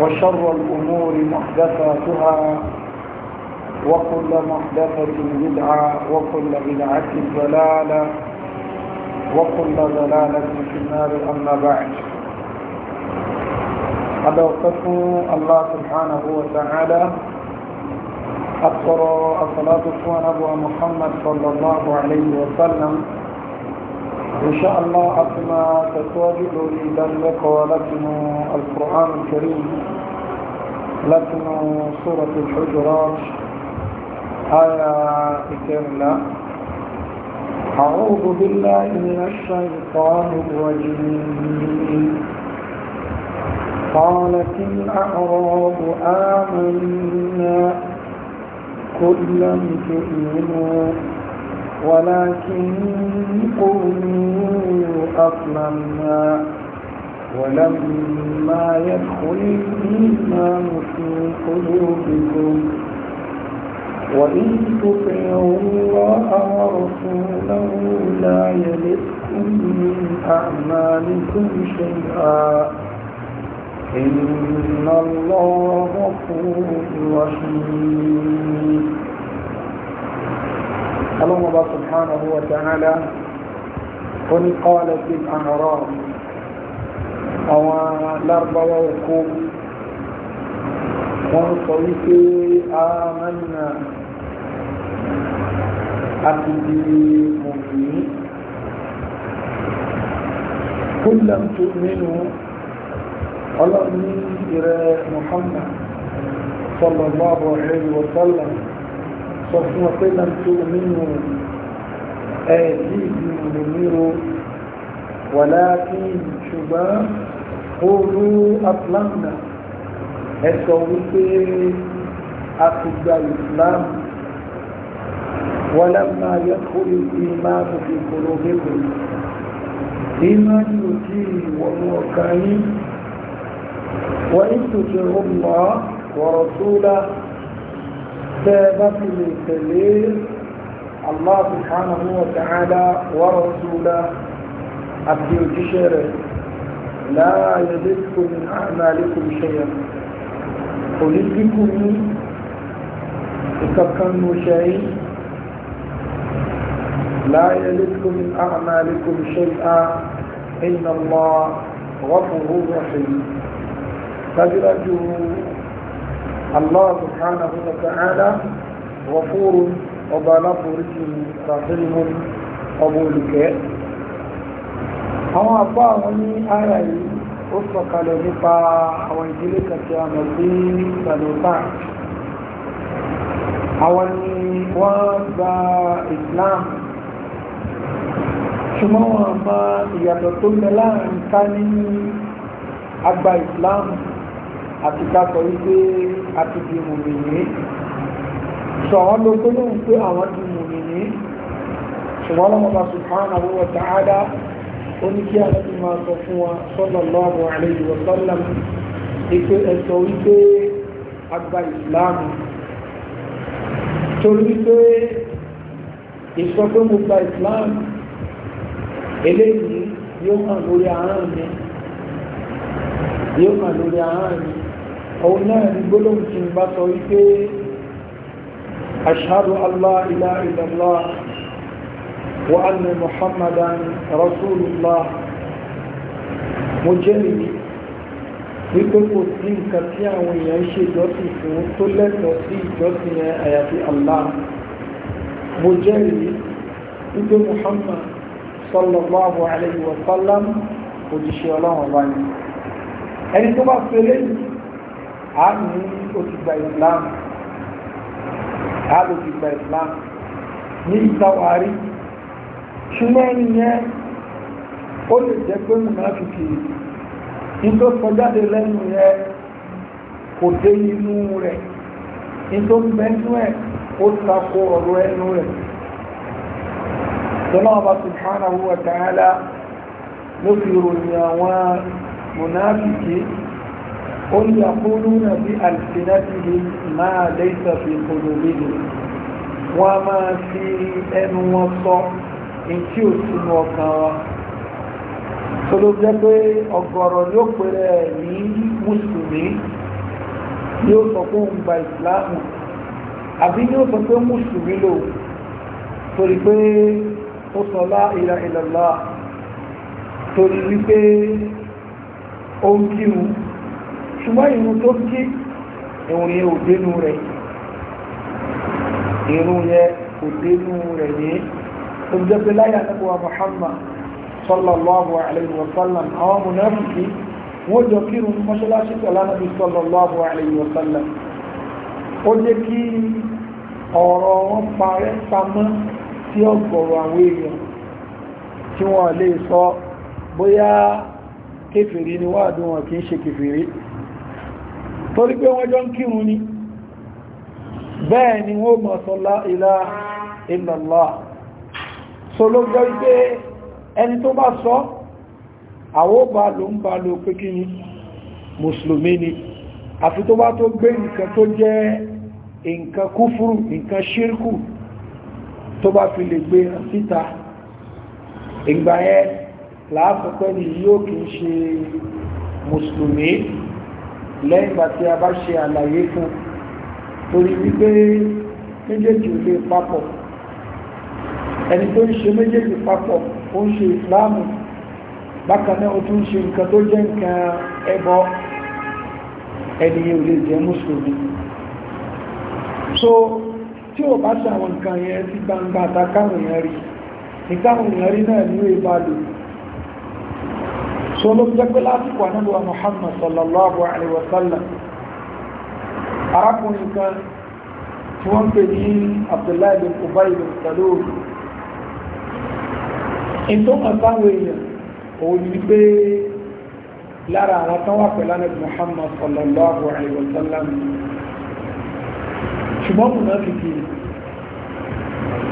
وشر الأمور محدثاتها وكل محدثة بدعة وكل بدعة ضلالة وكل ضلالة في النار أما بعد أدعوكم الله سبحانه وتعالى أكثر الصلاة والسلام على محمد صلى الله عليه وسلم إن شاء الله أثناء تتواجد لك ولكن القرآن الكريم لكن سورة الحجرات آية الله أعوذ بالله من الشيطان الرجيم قالت الأعراب آمنا كل لم تؤمنوا ولكن قولوا أطلمنا ولما يدخل الإيمان في قلوبكم وإن تطيعوا الله ورسوله لا يلدكم من أعمالكم شيئا إن الله غفور رحيم اللهم سبحانه وتعالى قل قالت الأعراب أو الأربع وكوب ونصيك آمنا أبدي مؤمنين قل لم تؤمنوا الله من محمد صلى الله عليه وسلم sọ fún wọn pé lọ́nà nínú ẹ̀ẹ́dì ìlú nínú wàláàkì ṣùgbọ́n oru atlanta ẹ sọ wípé a ti gba islam wọ́n lẹ́mọ̀ ayẹ́kùnrin ìmáàmù ìkòrò gbẹ̀gbẹ̀ ìmáàmù òjì ìwọ̀nù ọ̀kan yìí wọ́n ìtòjò ọmọ wọ̀rọ̀ كتابة من كليل الله سبحانه وتعالى ورسوله أبديو تشيره لا يذكر من أعمالكم شيئا قل إذكم إذكم لا يذكر من أعمالكم شيئا إن الله غفور رحيم فجرجوا Allah سبحانه وتعالى ta'ala wọ́fúrú ọba aláforíjì rahim ọba olùkẹ́ àwọn àpá àwọn ní ara yìí ó sọ̀kalẹ̀ nípa àwọn ìdílé kàtí àmọ̀ sí ìgbàlóta àwọn ni wọ́n Islam ṣùgbọ́n wọn mọ ìyàtọ̀ tó ń ká ní agba Islam àti ká sọ wípé a ti di mùmìnì sọ àwọn ló pé lóhùn pé àwọn di mùmìnì ṣùgbọ́n lọ́wọ́ bá subhanahu wa ta'ala ó ní kí àwọn ti máa sọ fún wa sallallahu alayhi wa sallam ìpè ẹ̀sọ́ wípé agba ìsìláàmù torí wípé ìsọpé mo gba ìsìláàmù eléyìí yóò hàn lórí ahọ́n mi yóò hàn lórí ahọ́n mi òun náà ní gbólóhùn tí ń bá sọ wípé ashhadu allah ilá ìlàlá wa anna muhammadan rasulullah mo jẹ́rìí wípé kò sí nǹkan tí àwọn èèyàn ń ṣe ìjọsìn fún tó lẹ́tọ̀ọ́ sí ìjọsìn yẹn àyàfi allah mo jẹ́rìí wípé muhammad sallallahu alayhi wa sallam òjíṣẹ́ ọlọ́run wáyé ẹni tó bá fẹ́lẹ́ yìí ha ní ó ti gba ìsìláàmù a ló ti gba ìsìláàmù ní ìtawárí ṣùgbọ́n ẹni yẹn ó lè jẹ́ pé mùnáfìkì ní tó rẹ jáde lẹ́nu yẹn kò dé tako ọ̀rọ̀ ẹnu n'oge قل يقولون بألسنتهم ما ليس في قلوبهم وما في ẹnu wọn sọ ìtí ò sínú ọkàn wa tó ló jẹ́ pé ọ̀gọ̀rọ̀ ni ó pèrè ní mùsùlùmí ni ó sọ pé òun gba ìsìláàmù àbí ni ó sọ pé mùsùlùmí lò torí pé ó sọ lá ìlà ìlàlá torí wípé ó ń kírun ṣùgbọ́n ìrun tó kí ìrun yẹn ò dénú rẹ̀ ìrun yẹn ò dénú rẹ̀ ní tó jẹ́ pé láyé àtẹ́kọ̀ọ́ Muhammad sallallahu alayhi wa sallam àwọn mùnáfíkì wọ́n jọ kírun mọ́ṣáláṣí pẹ̀lú anábì sallallahu alayhi wa sallam ó jẹ́ kí àwọn èèyàn tí wọ́n lè sọ bóyá kéfèrí ni wọ́n àdúnwọ̀n kì ṣe kéfèrí torí pé wọ́n jọ ń kírun ni bẹ́ẹ̀ ni wọ́n mọ̀ sọ lá ilaha illallah so ló jọ pé ẹni tó bá sọ àwọ́ bá ló ń bá ló pé kí ni mùsùlùmí ni àfi tó bá tó gbé nǹkan tó jẹ́ nǹkan kúfúrú nǹkan ṣírkù tó bá fi lè gbé e síta ìgbà yẹn làásọpẹ́ ni yóò kìí ṣe mùsùlùmí lẹ́yìn ìgbà tí a bá ṣe àlàyé fún torí wípé méjèèjì ò lè papọ̀ ẹni tó ń ṣe méjèèjì papọ̀ ó ń ṣe ìsìláàmù bákan náà ó tún ṣe nǹkan tó jẹ́ nǹkan ẹbọ ẹni ò lè jẹ́ mùsùlùmí so tí ò bá ṣe àwọn nǹkan yẹn ti gbangba àtàkàwọn èèyàn rí ìtàwọn èèyàn rí náà ní ìbálòpọ̀ so ló jẹ́ pé lásìkò ànábíwá Muhammad sallallahu alaihi wasallam arákùnrin kan tí wọ́n pè ní Abdullahi bin Ubay bin Salul in tó mọ̀ sáwọn èèyàn òun ni pé lára àwọn tán wà pẹ̀lú ànábí Muhammad sallallahu alaihi wasallam ṣùgbọ́n mùnà kìkì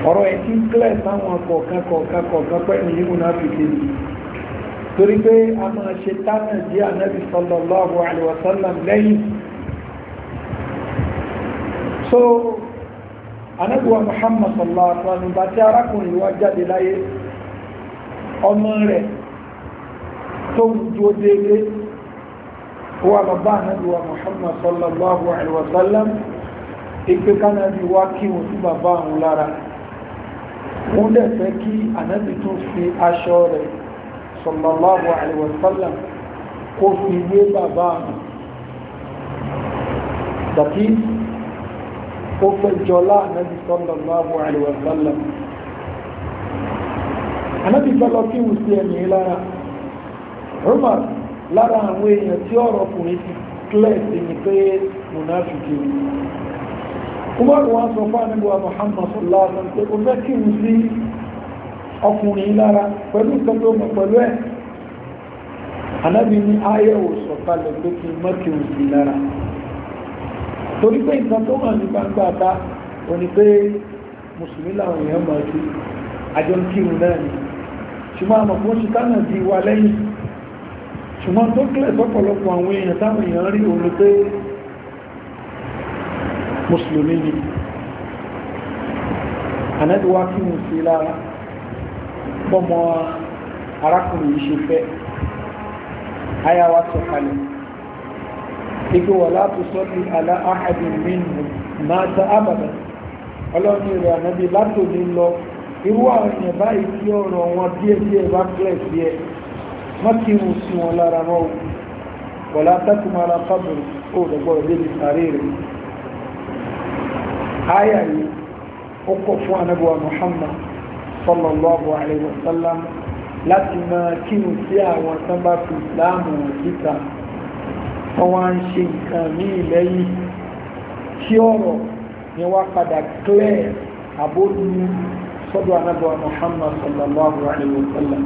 ọ̀rọ̀ ẹ̀ kílẹ̀ sáwọn kọ̀ọ̀kan kọ̀ọ̀kan torí pé a máa ṣe tánà sí ànábì sallallahu alaihi lẹ́yìn so ànábì wa Muhammad sallallahu alaihi wasallam nígbà tí arákùnrin wa jáde láyé ọmọ rẹ̀ tó ń dúó déédé wa bàbá ànábì wa Muhammad sallallahu alaihi wasallam ìpé kánábì wá kí wọn sí bàbá àwọn lára wọ́n dẹ̀ fẹ́ kí ànábì tún fi aṣọ rẹ̀ sallallahu alaihi wasallam kó fi wé bàbá mi tàbí ó fẹ́ jọlá ànábì sallallahu alaihi wasallam ànábì fẹ́ lọ kí wù sí ẹ̀mí lára Umar lára àwọn èèyàn tí ọ̀rọ̀ ọkùnrin ti kílẹ̀ sí ni pé mùnáfìkì Umar wọn sọ fún ànábì wa Muhammad sallallahu ọkùnrin lára pẹ̀lú nǹkan tó mọ̀ pẹ̀lú ẹ̀ anábì ní ayẹ̀wò sọ̀kalẹ̀ pé kí n mọ́kì òsì lára torí pé nǹkan tó hàn ní gbangba ta ò ní pé mùsùlùmí làwọn èèyàn mọ̀ sí àjọ ń kírun náà ni ṣùgbọ́n àmọ̀ fún ṣìkà náà di wa lẹ́yìn ṣùgbọ́n tó kílẹ̀ sọ́pọ̀lọpọ̀ àwọn èèyàn táwọn èèyàn rí òun pé mùsùlùmí ni anábì wá kírun sí lára bọ́mọ a yìí ṣe fẹ́ aya wa sọ kalẹ̀ ike wà ala sọ́ọ̀tì alá na máa ta ábàdà ọlọ́run ìrẹ̀ ànábi látòní lọ irú àwọn èèyàn báyìí tí ọ̀rọ̀ wọn díẹ̀ díẹ̀ bá kílẹ̀ sí wọ́n ti sí wọn lára mọ́ o wọ̀lá tákùmára fábùrù kó o dẹ̀gbọ́ ìdí rẹ̀ fún Muhammad sallallahu alaihi wasallam láti máa kírun sí àwọn tán bá fi ìsìláàmù síta wọ́n wá ń ṣe nǹkan míì lẹ́yìn tí ọ̀rọ̀ ni wá padà clear àbódú sọ́dọ̀ anábọ̀ Muhammad sallallahu alaihi wasallam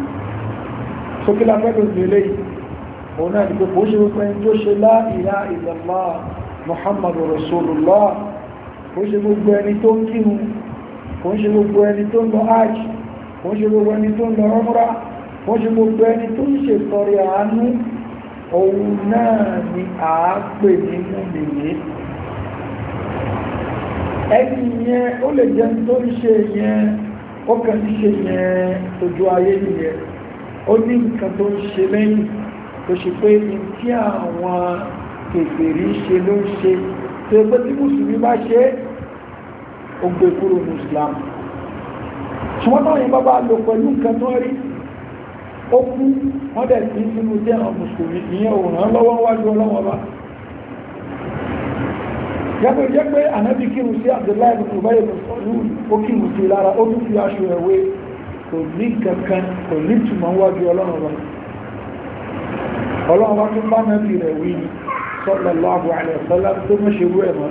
sókèlá fẹ́lú ìrẹ̀lẹ̀ òun náà dìgbò kò ń ṣe gbogbo ẹni tó ń lọ hajj kò ń ṣe gbogbo ẹni tó ń lọ ọmọra kò ń ṣe gbogbo ẹni tó ń ṣètọrẹ àánú òun náà ni à á pè ní múlẹ̀yẹ ẹni yẹn ó lè jẹ́ tó ń ṣe yẹn ó kàn ń ṣe yẹn ojú ayé nìyẹn ó ní nǹkan tó ń ṣe lẹ́yìn tó ṣe pé ní tí àwọn kèfèrí ṣe ló ń ṣe tó ẹgbẹ́ tí mùsùlùmí bá ṣe é ó gbé kúrò ní islam ṣùgbọ́n táwọn yẹn bá bá lò pẹ̀lú nǹkan tó rí ó kú wọ́n dẹ̀ sí sínú jẹ́ àwọn mùsùlùmí ìyẹn ò ràn lọ́wọ́ wájú ọlọ́wọ́ bá yàtọ̀ jẹ́ pé ànábì kírun sí abdullahi bin ubayi bin sọlúù ó kírun sí lára ó tún fi aṣọ ẹ̀wé kò ní kankan kò ní túmọ̀ wájú ọlọ́wọ́ bá ọlọ́wọ́ bá tún bá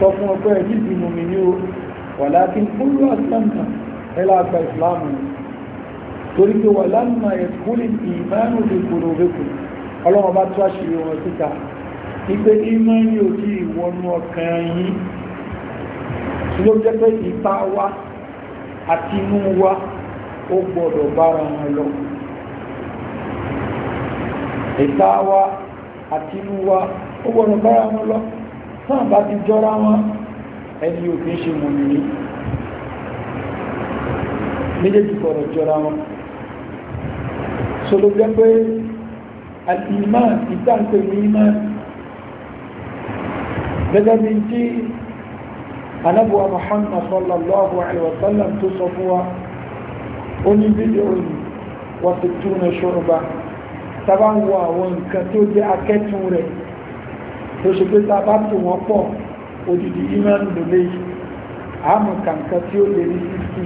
sọ fún ọgbẹ́ ẹ̀yí ìdìmọ̀ mi ní o wàlá kí n kúrò àtàmà ẹlà àgbà ìsìláàmù torí pé wà lánà ẹ̀kúlì ìmánù lè gbòrò rékù ọlọ́run bá tó àṣírí wọn síta ipe ìmánì òjì ìwọnú ọkàn yín ìta wa àti inú wa ó gbọ́dọ̀ bára wọn lọ tán bá ti jọra wọn ẹni ò kí ń ṣe mùmìnì méjèèjì kọ̀rọ̀ jọra wọn sọlọ jẹ́ pé al-iman ìtànkè ní iman gẹ́gẹ́ bí tí anábùwà Muhammad sallallahu alaihi wasallam sallam tó sọ fún wa ó ní bídíò wọ́n ti túnú ṣọ́rọ̀bá tàbá ń wọ àwọn nǹkan tó jẹ́ akẹ́tùn rẹ̀ tó ṣe pé tá a bá tò wọ́n pọ̀ odidi iman lòlẹ́ yìí àmọ́ kàǹkan tí ó lè ní sixty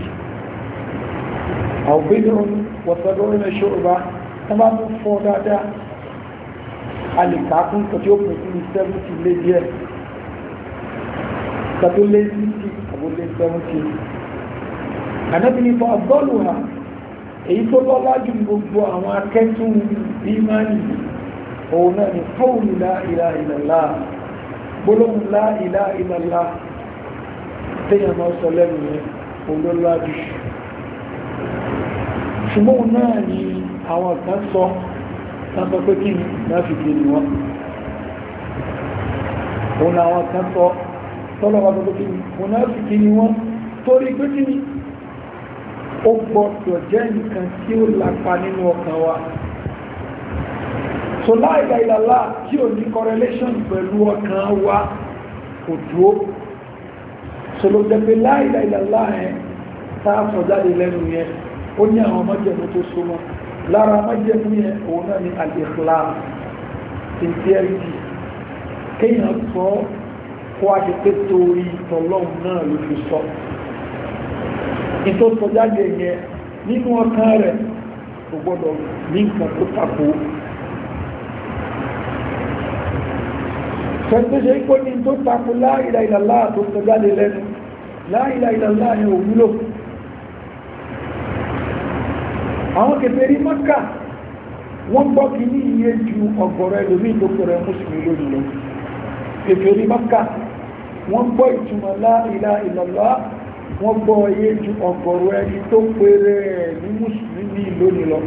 àwòbẹ́lẹ̀ òun wọ̀sọ̀dọ̀ ìrìn ṣòro tó bá mú fọ́ dáadáa a lè kà á fún nǹkan tí ànábìnrin fún abọ́ọ̀lù hàn èyí tó lọ́lá jù gbogbo àwọn akẹ́tù ìmánì yìí òun ni kọ́ùlù láìlá ìlàlá gbólóhùn láìlá ìlàlá téèyàn máa sọ lẹ́nu yẹn olólùwájú ṣùgbọ́n òun náà ni àwọn kan sọ sáńsọ pé kí ni láfìkì ni wọ́n òun àwọn kan sọ tọ́lọ́wà tó kí ni òun láfìkì ni wọ́n torí pé kí ni ó gbọ́dọ̀ jẹ́ nǹkan tí ó lapa nínú ọkàn wa so láìla ìlàlá tí ò ní correlation pẹ̀lú ọkàn wa kò dúó so ló jẹ́ pé láìla ìlàlá ẹ̀ táà sọ jáde lẹ́nu yẹn ó ní àwọn májẹ̀mú tó so mọ́ lára májẹ̀mú yẹn òun náà ni al-ikhlas sincerity kéèyàn sọ kó a ṣe pé torí tọlọ́hun náà ló fi sọ ìtò sọ jáde yẹn nínú ọkàn rẹ̀ kò gbọ́dọ̀ ní nǹkan tó tako tó ṣe kó ní tó takú la ilaha tó tó jáde lẹ́nu la ilaha illallah ni ò wúlò àwọn kèfèrí Mọ́kà wọ́n gbọ́ kí ní iye ju ọ̀gọ̀rọ̀ ẹlòmí tó kọrọ mùsùlùmí lónìí lọ kèfèrí Mọ́kà wọ́n gbọ́ ìtumọ̀ la ilaha illallah wọ́n gbọ́ iye ju ọ̀gọ̀rọ̀ ẹni tó pèrè ní mùsùlùmí lónìí lọ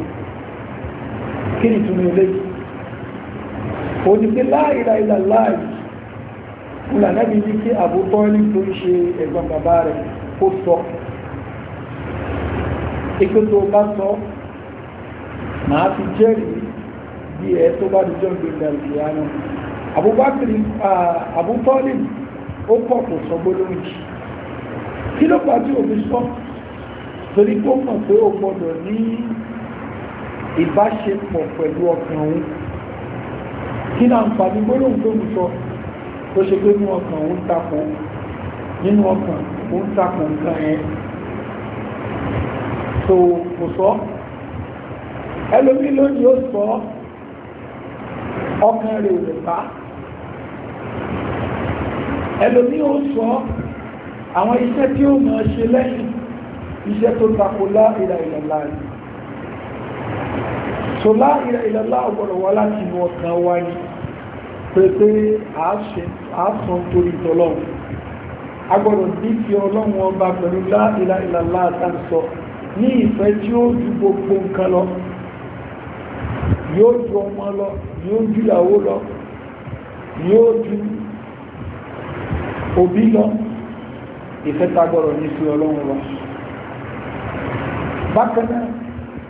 pé la ilaha kúlà náà bí wípé Abu Talib tó ń ṣe ẹ̀gbọ́n bàbá rẹ̀ kó sọ ipé tó bá sọ máa fi jẹ́rìí bí ẹ tó bá dijọ́ gbẹ̀dẹ̀ ìyáná Abubakar Abu Talib ó kọ̀ kò sọ gbólóhùn jì kí ló pa tí òbí sọ torí kó mọ̀ pé ó gbọ́dọ̀ ní ìbáṣepọ̀ pẹ̀lú ọkàn òun kí náà ń pa ní gbólóhùn tó ń sọ tó ṣe pé ní ọkàn ó ń takò nínú ọkàn ó ń takò nǹkan yẹn so kò sọ ẹlòmí lónìí ó sọ ọkàn rẹ̀ ò lè bá ẹlòmí ó sọ àwọn iṣẹ́ tí ó mọ̀ ṣe lẹ́yìn iṣẹ́ tó takò láìlà ìlàlá rẹ̀ so láìlà ìlàlá ọgbọ̀rọ̀ wá láti inú ọkàn wáyé pé pé àásùn torí tọ́lọ́run agbọ́dọ̀ ní ti ọlọ́run ọba pẹ̀lú láìlá ìlàlá àtàǹsọ ní ìfẹ́ tí ó ju gbogbo nǹkan lọ yóò ju ọmọ lọ yóò ju ìyàwó lọ yóò ju òbí lọ ìfẹ́ tá gbọ́dọ̀ ní ti ọlọ́run lọ bákanáà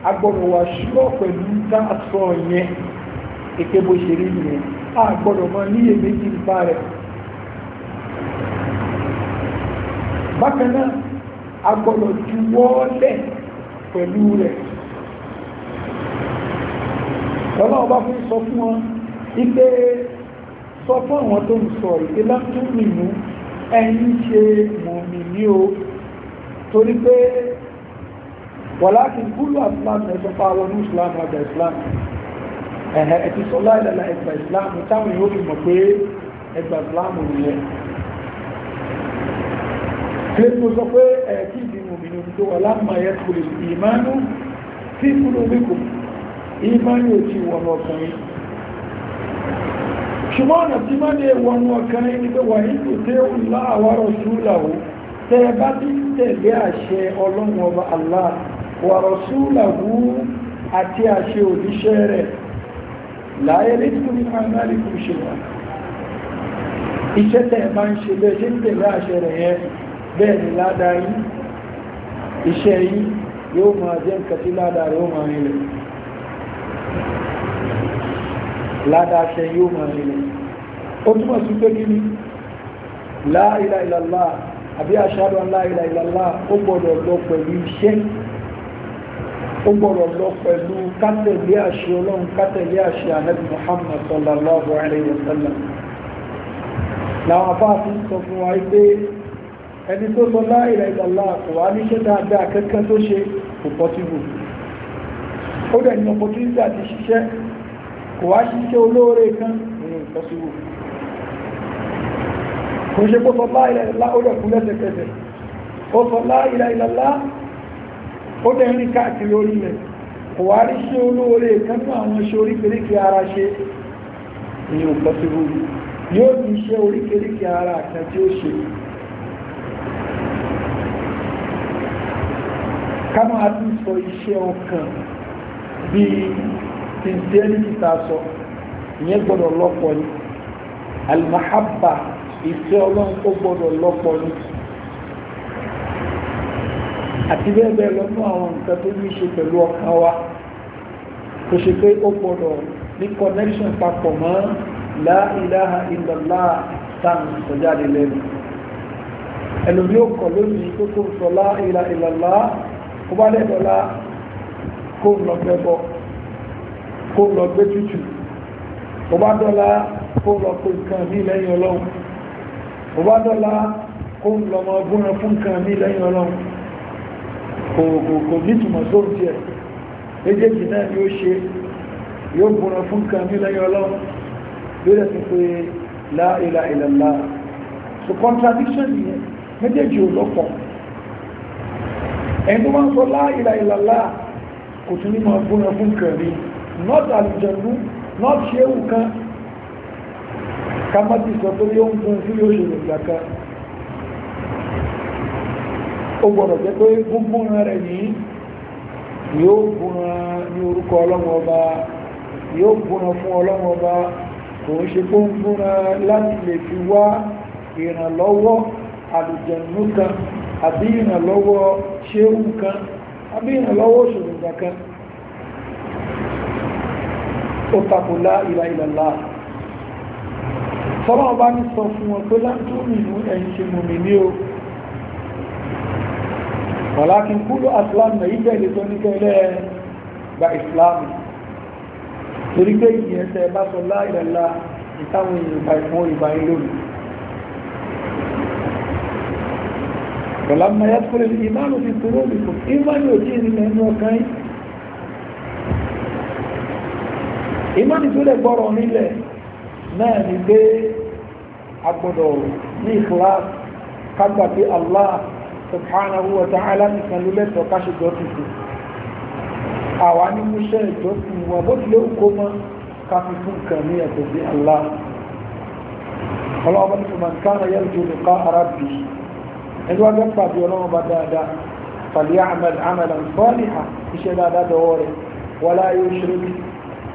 agbọ́dọ̀ wà ṣúọ́ pẹ̀lú tá yẹn èké ṣe rí nìyẹn àgbọ̀dọ̀ mọ́ níye méjì nípa rẹ̀ bákan náà agbọ̀dọ̀ juwọ́lẹ̀ pẹ̀lú rẹ̀ lọ́nà ọba fún sọ fún wọn ipé sọ fún àwọn tó ń sọ ìpé látúnmìnú ẹni ṣe mọ̀mí ní o torí pé wọ̀lá kí gúlù àti láti ẹ̀sọ́pá wọn ní ìsìlámù ẹ̀hẹ́ ẹ̀tí sọlá ìlàlá ẹgbà ìsìláàmù táwọn yóò fi mọ̀ pé ẹgbà ìsìláàmù nìyẹn lẹ́tọ́ sọ pé ẹ̀kí ìdìmọ̀ mìíràn tó wà láàmà yẹ kúrò ìmánú tí kúrò wíkù ìmánú ò ti wọ̀n ọkùnrin ṣùgbọ́n ọ̀nà tí má ní wọ̀n ọkùnrin ni pé wà nínú tẹ́ ò láàwárọ̀ súlàwó tẹ́ ẹ bá ti tẹ̀lé àṣẹ ọlọ́run ọba Allah wà rọ̀ súlàwó àti àṣẹ òjíṣẹ́ rẹ̀ لا lẹ́tìkú ní àmàlì kò ṣe wà iṣẹ́ tẹ̀ bá ń ṣe bẹ́ẹ̀ ṣe ń tẹ̀lé àṣẹ rẹ̀ yẹn bẹ́ẹ̀ ni ládàá yìí iṣẹ́ yìí yóò máa jẹ́ nǹkan tí ládàá rẹ̀ ó máa rìnlẹ̀ ládàá la ilaha illallah àbí ashhadu an la ilaha illallah ó gbọ́dọ̀ lọ pẹ̀lú iṣẹ́ ó gbọ́dọ̀ lọ pẹ̀lú kátẹ̀lé àṣẹ ọlọ́run kátẹ̀lé àṣẹ ànábì muhammad sallallahu alayhi wa sallam làwọn afá fi ń sọ fún wa pé ẹni tó sọ la ilaha illallah kò wá níṣẹ́ dáadáa kẹ́kẹ́ tó ṣe kò pọ́sibù ó dẹ̀ ní opportunity àti ṣiṣẹ́ kò wá ṣiṣẹ́ olóore kan nínú pọ́sibù kò ṣe kó ó dẹ̀ ń rí káàkiri orílẹ̀ kò wá rí sí olóore kánú àwọn iṣẹ́ oríkèríkè ara ṣe ní òpótíbù yóò ní iṣẹ́ oríkèríkè ara kan tí ó ṣe kánú àti sọ iṣẹ́ ọkàn bí sincerity ta sọ ìyẹn gbọ́dọ̀ lọ́pọ̀ ni alimahabba ìfẹ́ ọlọ́run ó gbọ́dọ̀ lọ́pọ̀ ni àti bẹ́ẹ̀ bẹ́ẹ̀ lọ fún àwọn nǹkan tó ní ṣe pẹ̀lú ọkàn wa kò ṣe pé ó gbọdọ̀ ní connection papọ̀ mọ́ la ilaha illallah táwọn ìsọjáde lẹ́nu ẹlòmí ó kọ̀ lónìí tó kó sọ la ilaha illallah kó bá lẹ́dọ̀ọ́lá kó lọ gbẹ́bọ kó lọ gbé tútù kó bá dọ́lá kó lọ pé nǹkan mí lẹ́yìn ọlọ́run kó bá dọ́lá kó lọ mọ gúnran fún nǹkan mí lẹ́yìn ọlọ́run kò nítumọ̀ tó ń tiẹ̀ méjèèjì náà ni ó ṣe yóò gbọ́nà fún kàmí lẹ́yìn ọlọ́run lórí ẹ̀sìn pé la ilaha illallah so contradiction yẹn méjèèjì ò lọ́pọ̀ ẹni tó máa ń sọ la ilaha illallah kò tún ní máa gbọ́nà fún kàmí not àlùjẹ̀nú not ṣéwù kan ká má ti sọ pé yóò ń gun sí yóò ṣe lòdì àkàrà ó gbọ́dọ̀ jẹ́ pé gúngbùnran rẹ̀ yìí yóò gúnran ní orúkọ ọlọ́run ọba yóò gúnran fún ọlọ́run ọba kò ń ṣe kó ń gúnran láti lè fi wá ìrànlọ́wọ́ àlùjẹ̀nù kan àbí ìrànlọ́wọ́ ṣéhù kan àbí ìrànlọ́wọ́ òṣèlúgbà kan ó tako lá ìlà ìlàlá sọ́lọ́ọ̀bá ní sọ fún wọn pé láńtó mìíràn ẹ̀yìn ṣe mọ̀mí ní o walakin kúlù aslam na yí bẹ̀rẹ̀ tó ní kẹlẹ́ gba islam torí pé ìyẹn tẹ bá sọ láìlẹ́lá ìtàwọn èèyàn ìgbà ìfún ìgbà yín lónìí ولما يدخل الإيمان في قلوبكم إيمان يجيز من وكاين ìmọ́ni tó lè gbọ́rọ̀ nílẹ̀ náà ni pé agbọ́dọ̀ ní ìkìláàsì kágbà pé Allah subhanahu wa ta'ala nìkan ló lẹ́tọ̀ọ́ káṣe jọ́sìn fún àwa ní múṣẹ́ ìjọsìn wọn bó tilẹ̀ ń kó mọ́ ká fi fún nǹkan ní ẹ̀tọ́ sí Allah ọlọ́wọ́ bá ní fún man kana yarju liqa'a ẹni wá gbẹ́pà bí ọlọ́wọ́ bá dáadáa فليعمل عملا صالحا بشهادات دوره ولا يشرك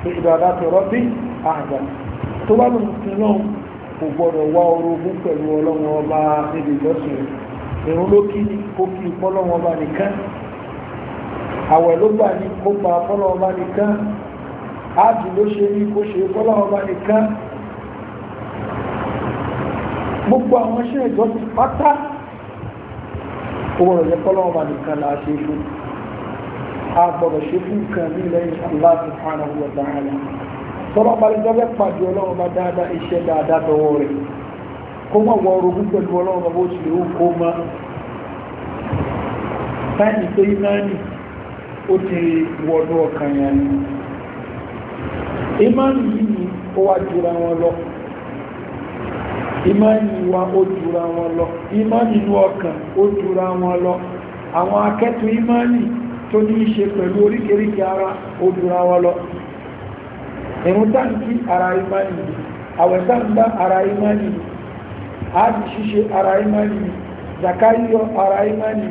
بعبادات ربه احدا طبعا المسلمون وبروا وروبوا كالولون وما نبي يشرك ìrún ló kí ni kó kí ìpọ́lọ́wọ́n bá nìkan àwẹ̀ ló gbà ní kó pa ìpọ́lọ́wọ́n bá nìkan áàdì ló ṣe ní kó ṣe ìpọ́lọ́wọ́n bá nìkan gbogbo àwọn iṣẹ́ ìjọsìn pátá owó rẹ̀ pọ́lọ́wọ́n bá nìkan là á ṣe fún a gbọ́dọ̀ ṣe fún nǹkan ní lẹ́yìn Allah subhanahu wa ta'ala tọ́lọ́ bá lè jọ́ fẹ́ pàdé ọlọ́wọ́n bá dáadáa iṣẹ́ dáadáa tọwọ́ rẹ̀ kó mọ̀ wọ pẹ̀lú ọlọ́run ọmọ òṣèlú ó kó mọ́ imáni ó ti wọnú ọkàn ni imáni yìí ni ó wá jura wọn lọ imáni wa ó jura wọn lọ imáni inú ọkàn ó jura wọn lọ àwọn akẹ́tù imáni tó ara ó jura wọn lọ ara imáni áàdì ṣíṣe ara imani zakariyo ara imani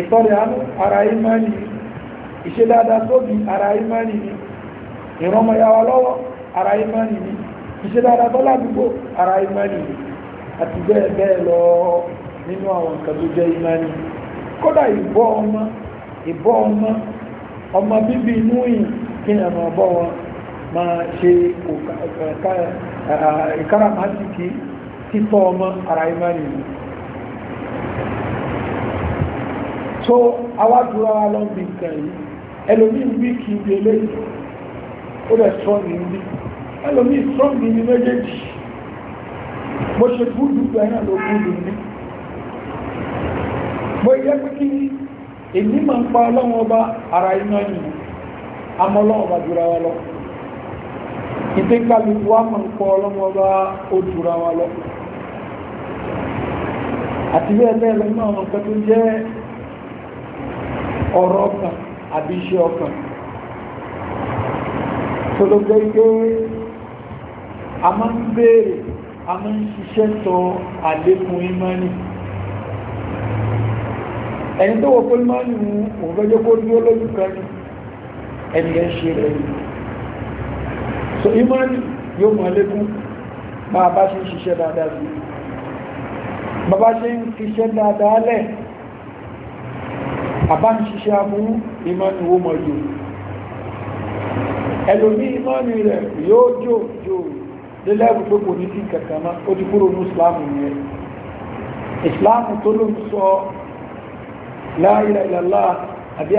ìtọ́rẹ̀ àánú ara imani ìṣe dáadáa sóbi ara imani ìrọmọyàwó lọ́wọ́ ara imani ìṣe dáadáa tọ́lá àdúgbò ara imani àti bẹ́ẹ̀ bẹ́ẹ̀ lọ nínú àwọn nǹkan tó jẹ́ imani kódà ìbọ́ ọmọ ìbọ́ ọmọ ọmọ bíbí inú yìí kí ni ọmọ ọbọ wọn máa ṣe ìkáràmásìkì títọ́ ọmọ ara imani ni so awádúrà wa lọ bí nǹkan yìí ẹlòmíì ń bí kì í di eléyìí ó dẹ̀ strong ń bí ẹlòmíì strong ní méjèèjì mo ṣe gúdù gbà náà pa ọba ara imani ni àmọ́ wa ma àti bí ẹgbẹ́ ẹlọ náà wọn kan tó jẹ́ ọ̀rọ̀ ọkàn àbí iṣẹ́ ọkàn tó ló jẹ́ pé a máa ń béèrè a máa ń ṣiṣẹ́ tọ àlékún ìmánì ẹni tó wọ́pọ̀ ìmánì mú òun fẹ́ jẹ́ kó dúró lójú kan ní ẹni ẹ ṣe rẹ̀ yìí so ìmánì yóò mọ̀ àlékún bá a bá ṣe ń ṣiṣẹ́ dáadáa sí i bàbá ṣe ń fi iṣẹ́ dáadáa lẹ̀ bàbá ń ṣiṣẹ́ aburú ìmọ̀nù ó mọ̀ jò ẹlòmí ìmọ̀nù rẹ̀ yóò jò jò lélẹ́bù pé kò ní sí kẹta náà ó ti kúrò ní ìsìláàmù yẹn ìsìláàmù tó ló ń sọ la ilaha àbí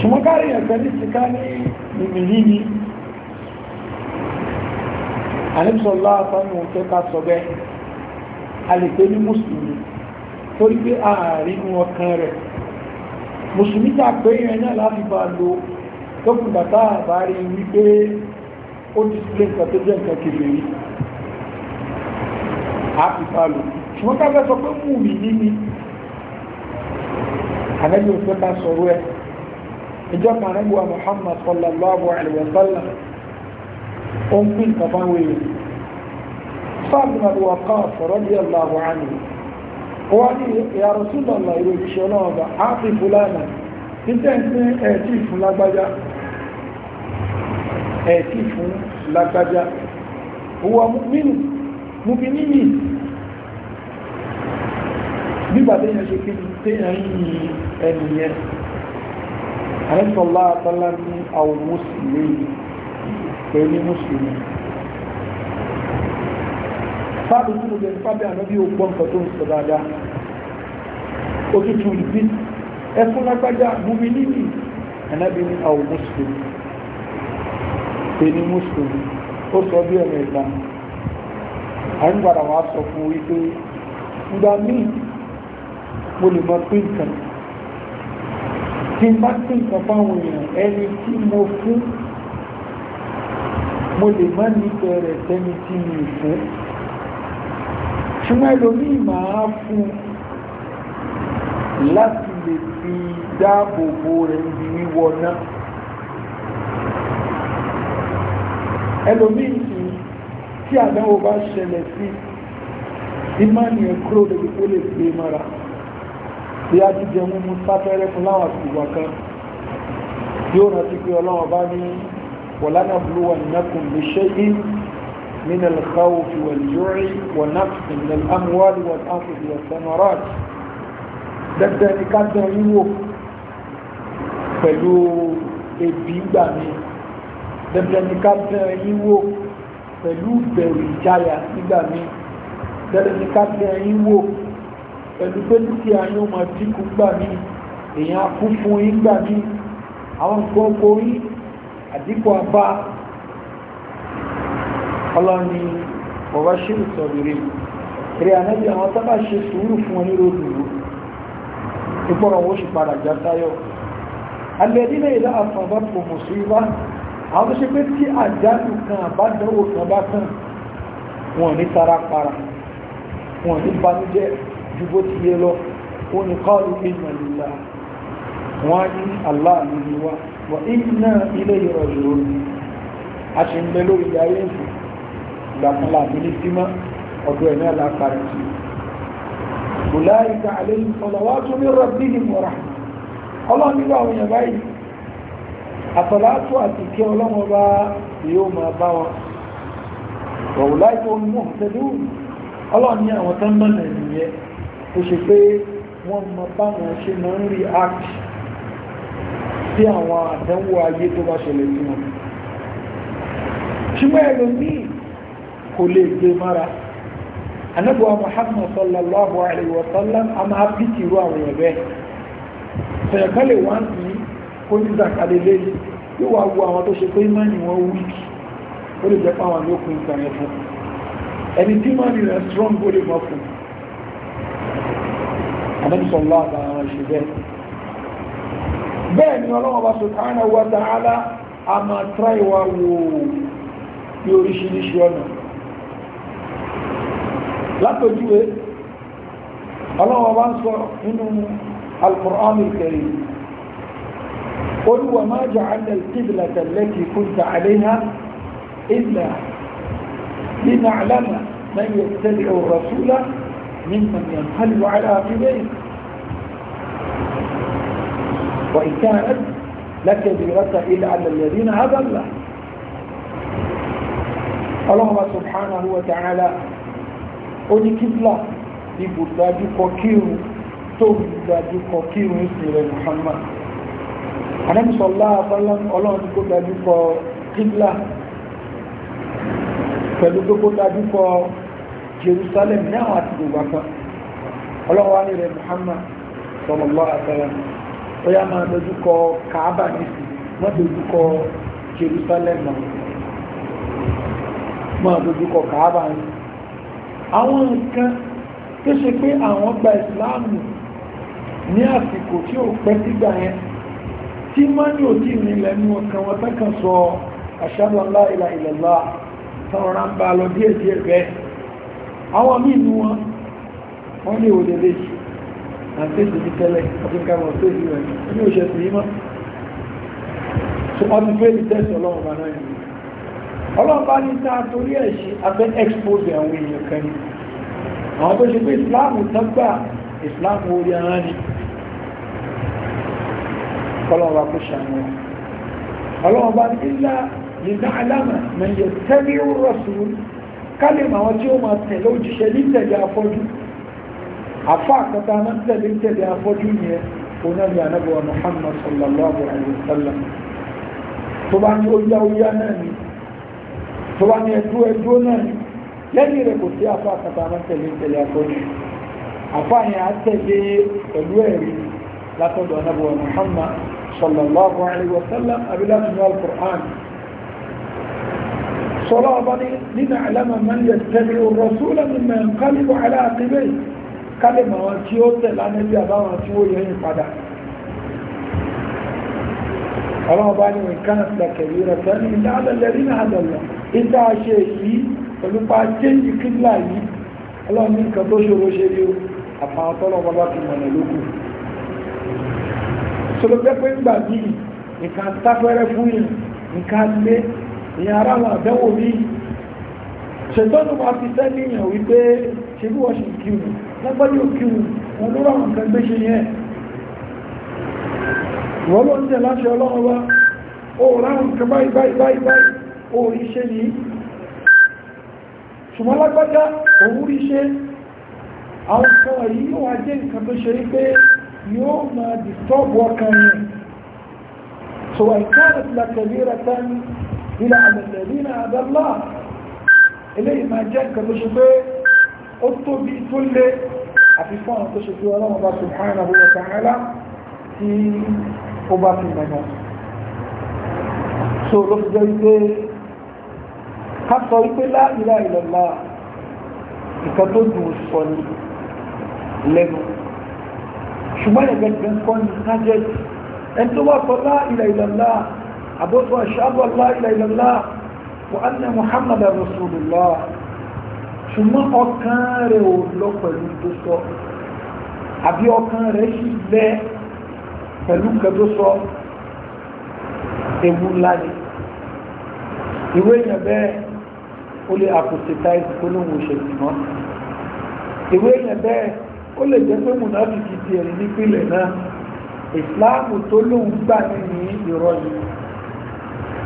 ṣùgbọ́n kárí ẹ̀fẹ́ ní ti ká ní ìmìlí ni àníṣọ́lá àtọ́nù òfẹ́ ká sọ bẹ́ a lè pé ní mùsùlùmí torí pé ààrínú ọkàn rẹ̀ mùsùlùmí tà pé ìrìn náà láti bá lo tókùn bàtà àbárí wípé ó ti sílé nǹkan tó jẹ́ nǹkan kèfèrí àti bá lo ṣùgbọ́n ká fẹ́ sọ pé mùmí ní ni àlẹ́bí òfẹ́ ẹ̀ ìjọ kan nígbà Muhammad sallallahu alaihi wa sallam ó ń pín nǹkan fáwọn èèyàn sáàbì náà wà ká radiyallahu anhu ó wá ní ya Rasulullah ìwé ìṣẹ́ náà bá á fi fúlànà títẹ́ ń pín ẹ̀ẹ́tì fún lágbájá ẹ̀ẹ́tì fún lágbájá huwa mu'minu mu'mini ni bíbà ṣe kí téèyàn yìí ẹnìyẹn àrẹ́sọ̀lá àtọ́lá ní àwọn mùsùlùmí pẹ̀lú mùsùlùmí sáàbì tí mo jẹ́ nípàdé ànábí ògbọ́n nǹkan tó ń sọ dáadáa òtútù ìbí ẹkún lágbájá múmi níbi ànábí ní àwọn mùsùlùmí pẹ̀lú mùsùlùmí ó sọ bí ẹ̀rọ ìgbà àyíngbàdà wọn sọ fún wípé ìgbà míì mo lè mọ pé nǹkan tí n bá tí nǹkan fáwọn èèyàn ẹni tí mo fún mo lè má nífẹ̀ẹ́ rẹ̀ tẹ́ni tí mi ò fún ṣùgbọ́n ẹlòmíì máa fún láti lè fi dáàbò rẹ̀ ibi wíwọ náà ẹlòmíì sì tí àdáwò bá ṣẹlẹ̀ sí ìmánìyàn kúrò lórí ó lè gbé mọ́ra bí a ti jẹ múmú sáfẹ́rẹ́ fún láwọn ìwà kan yóò rántí pé ọlọ́wọ́ bá ní wọ̀lánà búlúwà nínẹ́kùn lè ṣe í من الخوف والجوع ونقص من الأموال والأنفس والثمرات dandan ni ká dán yín pẹ̀lú pé dúkìá yóò máa dínkù gbà mí èèyàn kú fún yín gbà mí àwọn nǹkan oko yín àdínkù abá ọlọ́ni bọ̀bá ṣe ìsọ̀rọ̀ rẹ̀ ànábì àwọn sábà ṣe sùúrù fún wọn nírò dùrú ìpọ̀rọ̀ wọn sì padà já táyọ̀ alẹ́dínà ìlà àtànbá kò mọ̀ sí wá àwọn tó ṣe pé tí àjálù kan àbádọ́wò kan bá kàn wọn ní tara para wọn ní banújẹ́ ju bó ti yẹ lọ ó ní kọ́ọ̀lù inna lillahi wọ́n á ní aláàmì ni wá wọ́n inna ilayhi raji'un a ti ń bẹ lórí ayé ìfò ìgbà kan láàmì ní símá ọ̀dọ̀ ẹ̀ náà lápárí sí ọlọ́run nígbà àwọn tán mọ́nà ìyẹn ó ṣe pé wọ́n mọ báwọn ṣe máa ń react sí àwọn àdánwò ayé tó bá ṣẹlẹ̀ sí wọn ṣùgbọ́n ẹlòmíì kò lè gbé mára anabuwa muhammad sallallahu alaihi wasallam a máa bí tìrú àwọn èèyàn bẹ́ẹ̀ sọ̀yọ̀kálẹ̀ wá ń ní kó ní zakalẹ̀ lẹ́yìn yóò wá wo àwọn tó ṣe pé máa ní wọ́n wíkì ó lè jẹ́ pàwọn yóò kún ìgbà yẹn ẹni tí máa ní rẹ̀ strong ó lè mọ́ fún àmẹ́sọ̀lá àtàwọn ìṣẹ̀lẹ̀ bẹ́ẹ̀ ni ọlọ́wọ́ bá subhanahu wa ta'ala a máa tráìwá wo ní oríṣiríṣi ọ̀nà látòjúwé ọlọ́wọ́ bá ń sọ nínú al-Qur'an al-Karim olúwa ma ja'alna al-qiblata allati kunta 'alayha illa lina'lama ممن ينقلب على عقبيه وإن كانت لكبيرة إلا على الذين أضله ọlọ́run bá subhanahu wa ta'ala ó ní kíblà ní gbùdájú kọ kírun tó gbùdájú kọ kírun ìsìn rẹ̀ muhammad anẹ́bùsọ̀lá ọlọ́run kó dájú kọ kíblà pẹ̀lú tó kó dájú kọ Jerusalem ní àwọn àti gbogbo kan ọlọ́wọ́ alẹ́ rẹ̀ Muhammad sallallahu alaihi ó ma máa dojú kọ Kaaba nìsí wọ́n dojú kọ Jerusalem náà dojú kọ Kaaba ní. àwọn nǹkan tó ṣe pé àwọn gba ìsìláàmù ní àsìkò tí ó pẹ́ sígbà yẹn tí mọ́ni ò tí ì nílẹ̀ wọn tẹ́kàn sọ ashhadu an la ilaha illallah ń bá lọ díẹ̀ díẹ̀ bẹ́ẹ̀ àwọn míì nu wọn wọ́n ní òde léjì àtẹ́sì ní tẹ́lẹ̀ àtúnkàwọ̀ tó ìlú ẹ̀ ní òṣèlú yìí mọ́ so ọdún fẹ́ ní tẹ́sì ọlọ́run bá náà yìí ọlọ́run bá ní sáà torí ẹ̀ ṣe abẹ́ expose àwọn èèyàn kan ní àwọn tó ṣe ilá ní dáadáa mẹ́yẹ tẹ́lẹ̀ rọ̀sùn kálẹ̀ mọ̀ àwọn tí ó máa tẹ̀lé òjíṣẹ́ ní tẹ̀lé afọ́jú àfá àkọta náà tẹ̀lé ń tẹ̀lé afọ́jú yẹn òun náà ní anábọ̀wà Muhammad sallallahu alayhi wa sallam tó bá ní oyá oyá náà ni tó bá ní ẹdú ẹdú náà ni lẹ́yìn rẹ̀ kò sí àfá àkọta náà tẹ̀lé tẹ̀lé afọ́jú àfá yẹn á tẹ̀lé pẹ̀lú ẹ̀rí látọ̀dọ̀ anábọ̀wà Muhammad sallallahu alayhi wa sallam abilá sọlọ́ọ̀bọ́ ní nínú àlámà máa ń yẹ tẹ́lẹ̀ ọ̀rọ̀ súnlẹ̀ ní mẹ́ kálíbù aláàkíbẹ̀ kálíbù àwọn tí ó tẹ̀ lánàbí àbáwọn tí ó yẹn padà ọlọ́ọ̀bá ní ìkánà tẹ̀kẹ̀lú rẹ̀ tẹ́lẹ̀ ìdálẹ̀lẹ̀ nínú àdọ̀lọ̀ ìta ṣe yìí pẹ̀lú pa jẹ́jì kílà yìí ọlọ́ọ̀ní nǹkan tó ṣòro ṣe rí o àfàwọn tọ́lọ́ọ̀bá bá ti mọ̀nà lókù sọlọ́pẹ́ pé ń gbà bí nǹkan táfẹ́rẹ́ fún yìí nǹkan lé ìyẹn ara wọn àbẹ́wò rí ṣètọ́nù wa fi sẹ́niyàn wípé ṣe bí wọ́n ṣe kíù lẹ́gbọ́dí ò kíù wọn ló rọrùn kan gbé ṣe yẹn wọ́n ló ń tẹ̀ láṣẹ ọlọ́run wá ó ráhùn kan báyìí báyìí báyìí báyìí ó rí ṣe ní ṣùgbọ́n lágbájá òun rí ṣe àwọn kan wọ̀nyí yóò wá jẹ́ nǹkan tó ilẹ̀ àmìlẹ̀lẹ́nà àdọ́lá eléyìí máa jẹ́ nǹkan tó ṣe pé ó tóbi tó lé àti fún àwọn tó ṣe pé ọlọ́run bá subhanahu wa ta'ala tí ó bá fi mẹ́nà so ló fi jẹ́ wípé ká sọ wípé la ilaha illallah tó dùn sọ ní lẹ́nu ṣùgbọ́n ẹ̀gẹ́gẹ́ ń kọ́ ní kájẹ́ ẹni tó wá sọ la ilaha àbótó ashhadu an la ilaha illallah wa anna muhammadan rasulullah ṣùgbọ́n ọkàn rẹ̀ ò lọ pẹ̀lú tó sọ àbí ọkàn rẹ̀ sì lẹ́ pẹ̀lú kẹtó sọ ewu ńlá ni ìwé yẹn bẹ́ẹ̀ ó lè apostatize kó lóun ṣe ìmọ̀ ìwé yẹn bẹ́ẹ̀ ó lè jẹ́ pé mùnàfíkì tiẹ̀ nípìnlẹ̀ náà ìsìláàmù tó lóun gbà nínú ìrọ̀ yìí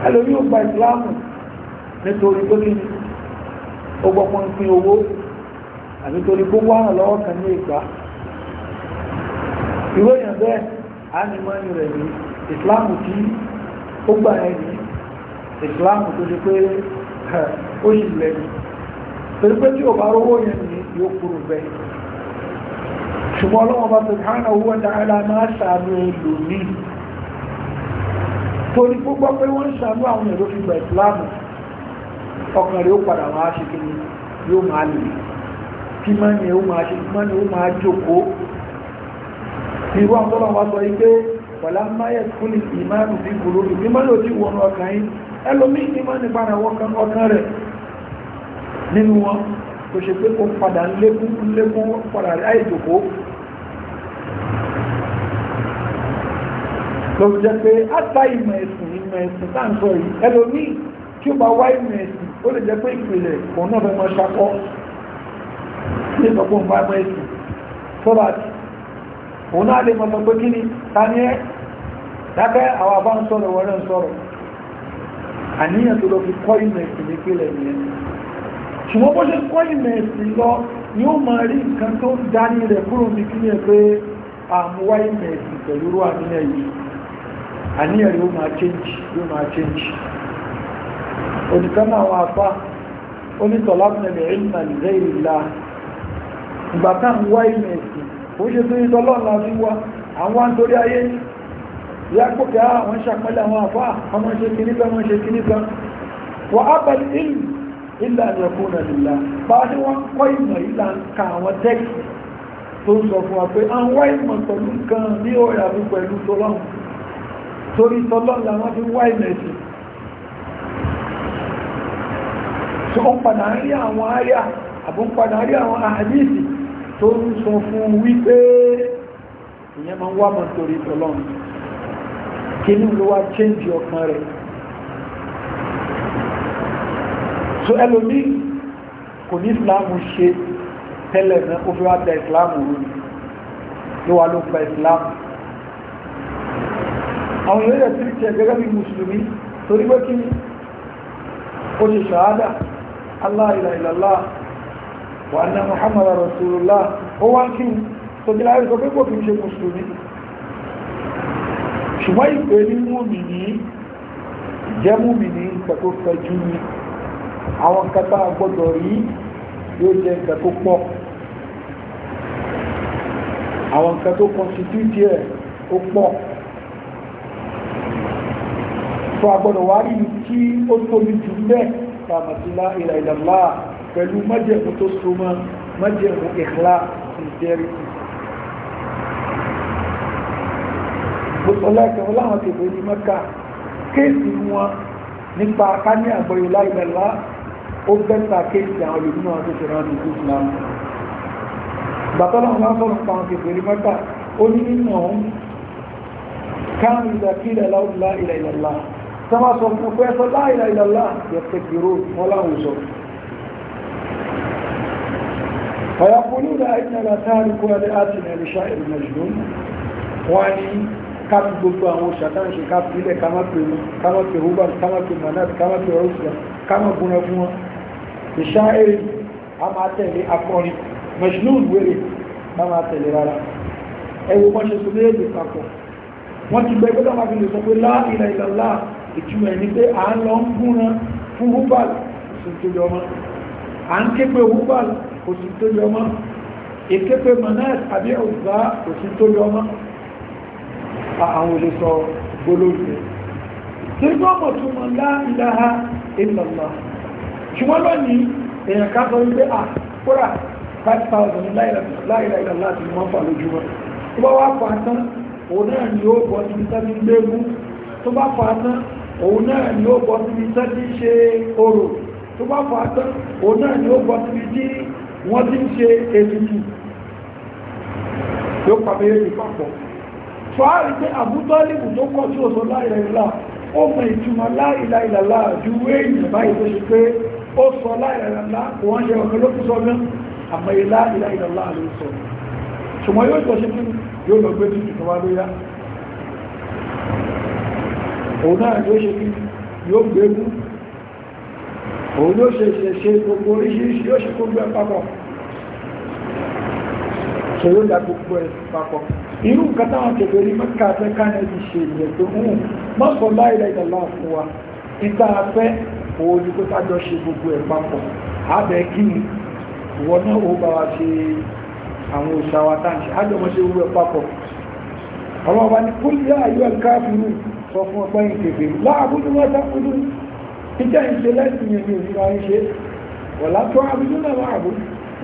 ẹlòmí ò gba ìsìláàmù nítorí tó ní ọgbọ́pọ̀ ń pín owó àbí torí kó wá lọ́wọ́ kan ní ìgbà ìwé èèyàn bẹ́ẹ̀ á ní mọ́ ní rẹ̀ ní ìsìláàmù tí ó gbà ẹ̀ ní ìsìláàmù tó ṣe pé ó yìí lẹ́yìn torí pé tí ò bá rówó yẹn ní yóò kúrò bẹ́ẹ̀ ṣùgbọ́n ọlọ́wọ́ bá subhanahu wa ta'ala máa ṣàánú ẹlòmíì torí gbogbo pé wọ́n ń ṣàánú àwọn èrò ìgbà ìsìláàmù ọkàn rẹ̀ ó padà máa ṣe kí ni yóò máa lè kí mọ́ni ó máa ṣe mọ́ni ó máa jókòó irú àtọ́lọ́ wa sọ pé pẹ̀lá máyẹ̀ fún ìmánu bí kúrò ní bí mọ́ni ò ti wọnú ọkàn yín ẹlòmíì ní mọ́ni padà wọ́kàn ọkàn rẹ̀ nínú wọn kò ṣe pé kó padà lékún lékún padà rẹ̀ ló fi jẹ́ pé àtà ìmọ̀ ẹ̀sìn ìmọ̀ ẹ̀sìn tá à ń sọ yìí ẹlòmíì tí ó bá wá ìmọ̀ ẹ̀sìn ó lè jẹ́ pé ìpìlẹ̀ òun náà fẹ́ mọ ṣakọ́ ní ìsọ̀kún bá mọ ẹ̀sìn sọ́dà òun náà lè mọ sọ pé kí ni ta ni ẹ́ dákẹ́ àwọn àbá ń sọ̀rọ̀ wọ́n náà ń sọ̀rọ̀ àníyàn tó lọ fi kọ́ ìmọ̀ ẹ̀sìn ní ìpìlẹ̀ nìyẹn ṣùgbọ́n bó ṣe kọ́ ìmọ̀ ẹ̀sìn lọ ni ó máa rí nǹkan tó dání rẹ̀ kúrò ní kí ni ẹ pé àmúwá ìmọ̀ ẹ̀sìn pẹ̀lú rú àníyàn yìí àníyàn yóò máa change yóò máa change olùkọ́nà àwọn afá onítọ̀lábìnrin ìlànà ìlẹ́ ìlà ìgbà táà ń wá ìmẹ̀ ẹ̀sìn ó ṣe tó ní tọ́lọ́ọ̀lá fi wá àwọn ń torí ayé yàgbókè àwọn ṣàpẹ́lẹ̀ àwọn afá ọmọ ṣe kìníkà wọn ṣe kìníkà wà á bẹ̀rẹ̀ ìlú ìlà ìyẹ̀kúnrẹ̀ wọ́n torí tọ́lọ́lá wọ́n fi wá ìmẹ̀sì tó ń padà rí àwọn àyà àbún padà rí àwọn àdíìsì tó ń sọ fún wípé ìyẹn ma ń wá mọ̀ torí tọ́lọ́n kí ní ló wá change ọkàn rẹ̀ so ẹlòmí kò ní ìsìláàmù ṣe tẹ́lẹ̀ náà ó fi wá da ìsìláàmù rú ló wà ló gba ìsìláàmù àwọn yóò rẹ̀ tìrìtì ẹ̀gẹ́gẹ́ bí mùsùlùmí torí pé kí ó ṣe ṣàádà Allah ilaha illallah wa anna Muhammad rasulullah ó wá kí tó jẹ́ láàrín sọ pé kò kí ń ṣe mùsùlùmí ṣùgbọ́n ìpè ní mùmìnì jẹ́ mùmìnì nǹkan tó fẹ́ jù ní àwọn nǹkan tá gbọ́dọ̀ rí yóò jẹ́ nǹkan pọ̀ àwọn nǹkan tó ó pọ̀ fún agbọ́dọ̀ wá rí tí ó tóbi jù bẹ́ẹ̀ tàbàtílá ìlàìlàlá pẹ̀lú májẹ̀mú tó súnmọ́ májẹ̀mú ìhlá sincerity gbọ́sọ̀lẹ́kẹ̀ ọláwọn tèbè ní mẹ́ka kéèsì wọn nípa ká ní àgbọ̀yọ̀ láìlàlá ó bẹ́ta kéèsì àwọn olùdúnmọ̀ tó ṣe rán ní Islam bàtọ́lọ́wọ́n lásọ̀rọ̀ pa àwọn tèbè ní mẹ́ka ó ní sọ́mọ́ sọ fún pé sọ láìlà ìlàlá yẹ̀tẹ̀kìrò wọn láwọn sọ فيقولون إننا تارك لآتنا لشاعر مجنون واني كم gbogbo àwọn ṣàtàn ṣe ká fílẹ̀ ká má pè wọn ká má pè hubal ká má pè manat ká má pè rusla ká má gúnra fún wọn ìṣá eré a máa tẹ̀lé akọrin majnun wèrè a máa tẹ̀lé fi lè sọ pé la ilaha illallah ìtumọ̀ ní pé à ń lọ ń gúnran fún húbàl sí tó yọ mọ́ à ń képe húbàl kò sí tó yọ mọ́ ìképe manas àbí ọ̀gbá kò sí tó yọ mọ́ àwọn olè sọ gbólóògbé tí wọ́n mọ̀ tó mọ̀ lá ilaha illallah ṣùgbọ́n lónìí èèyàn ká sọ wípé à kúrà 5,000 lá ilaha illallah ti mọ́ òun náà ni ó bọ́ síbi tẹ́ ti ṣe orò tó bá fà á tán òun náà ni ó bọ́ síbi tí wọ́n ti ń ṣe ètùtù yóò pàbí èyí papọ̀ fàárí pé àbútọ́lìbù tó kọ́ tí ó sọ láìláìlá ó mọ ìtumọ̀ láìláìlá ju èèyàn báyìí tó ṣe pé ó sọ láìláìlá wọ́n ṣe ọ̀kan ló sọ mẹ́ àmọ́ ìláìláìlá ló sọ ṣùgbọ́n yóò jọ ṣe kí yóò lọ gbé tuntun kan wá lóyá ona náà yóò ṣe kí yóò gbégbú òun yóò ṣe ṣe gbogbo oríṣiríṣi yóò ṣe gbogbo ẹ̀ papọ̀ ṣe yóò gbogbo ẹ̀ papọ̀ irú nǹkan táwọn kẹfẹ́rí mẹ́ka afẹ́ káyẹ̀ ti ṣe ìyẹn tó mú má sọ láìlẹ̀ ìdàlá fún wa ìta afẹ́ gbogbo sọ fún ọpẹ́ ìkèfè láàbújú wọ́n sáfújú ìjẹ́ ìṣe lẹ́sìn yẹn ní òṣìṣẹ́ ayé ṣe wọ̀ látọ́ àbújú náà láàbú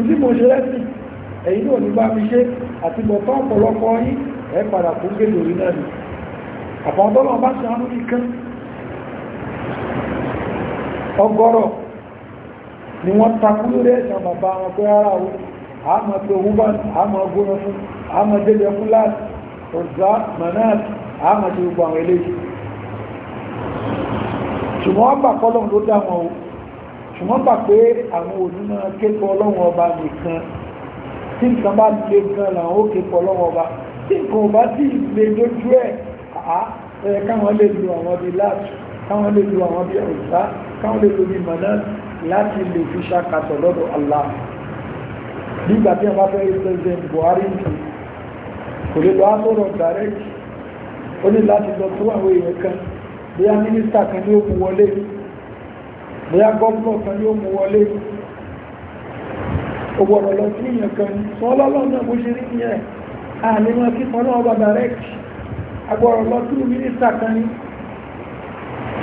tí mo ṣe lẹ́sìn ẹ̀yìn náà ní bá mi ṣe àti bọ̀tọ́ ọ̀pọ̀lọpọ̀ yín ẹ̀ padà fún gèlè orí náà ni àbọ̀tọ́lọ̀ bá ṣe àánú nìkan ọgọ́rọ̀ ni wọ́n takú lórí fún àmọ́ délẹ̀ fún láti ọ̀dà manáàtì àmà tí gbogbo àwọn eléyìí ṣùgbọ́n wọ́n gbà pé ọlọ́run ló dá wọn o ṣùgbọ́n gbà pé àwọn onímọ̀ kéèkọ́ ọlọ́run ọba nìkan tí nǹkan bá lè gan làwọn ó kéèkọ́ ọlọ́run ọba tí nǹkan ò bá sì lè lójú ẹ̀ àá káwọn lè lu àwọn bíi láti káwọn lè lu àwọn bíi ọ̀sá káwọn lè lu bíi mọ̀nà láti lè fi ṣàkàtọ̀ lọ́dọ̀ Allah nígbà tí wọ́n bá fẹ́ rí president Buhari kò lè lọ á sọ̀rọ̀ direct ó ní láti lọ tó àwọn èèyàn kan bóyá mínísítà kan ní ó mú wọlé bóyá gọ́ọ̀nà kan ní ó mú wọlé ó gbọ́dọ̀ lọ sí èèyàn kan ní sọ ọlọ́lọ́ náà bó ṣe rí yẹn àlè wọn kí kan náà bá direct agbọ́dọ̀ lọ sí mínísítà kan ní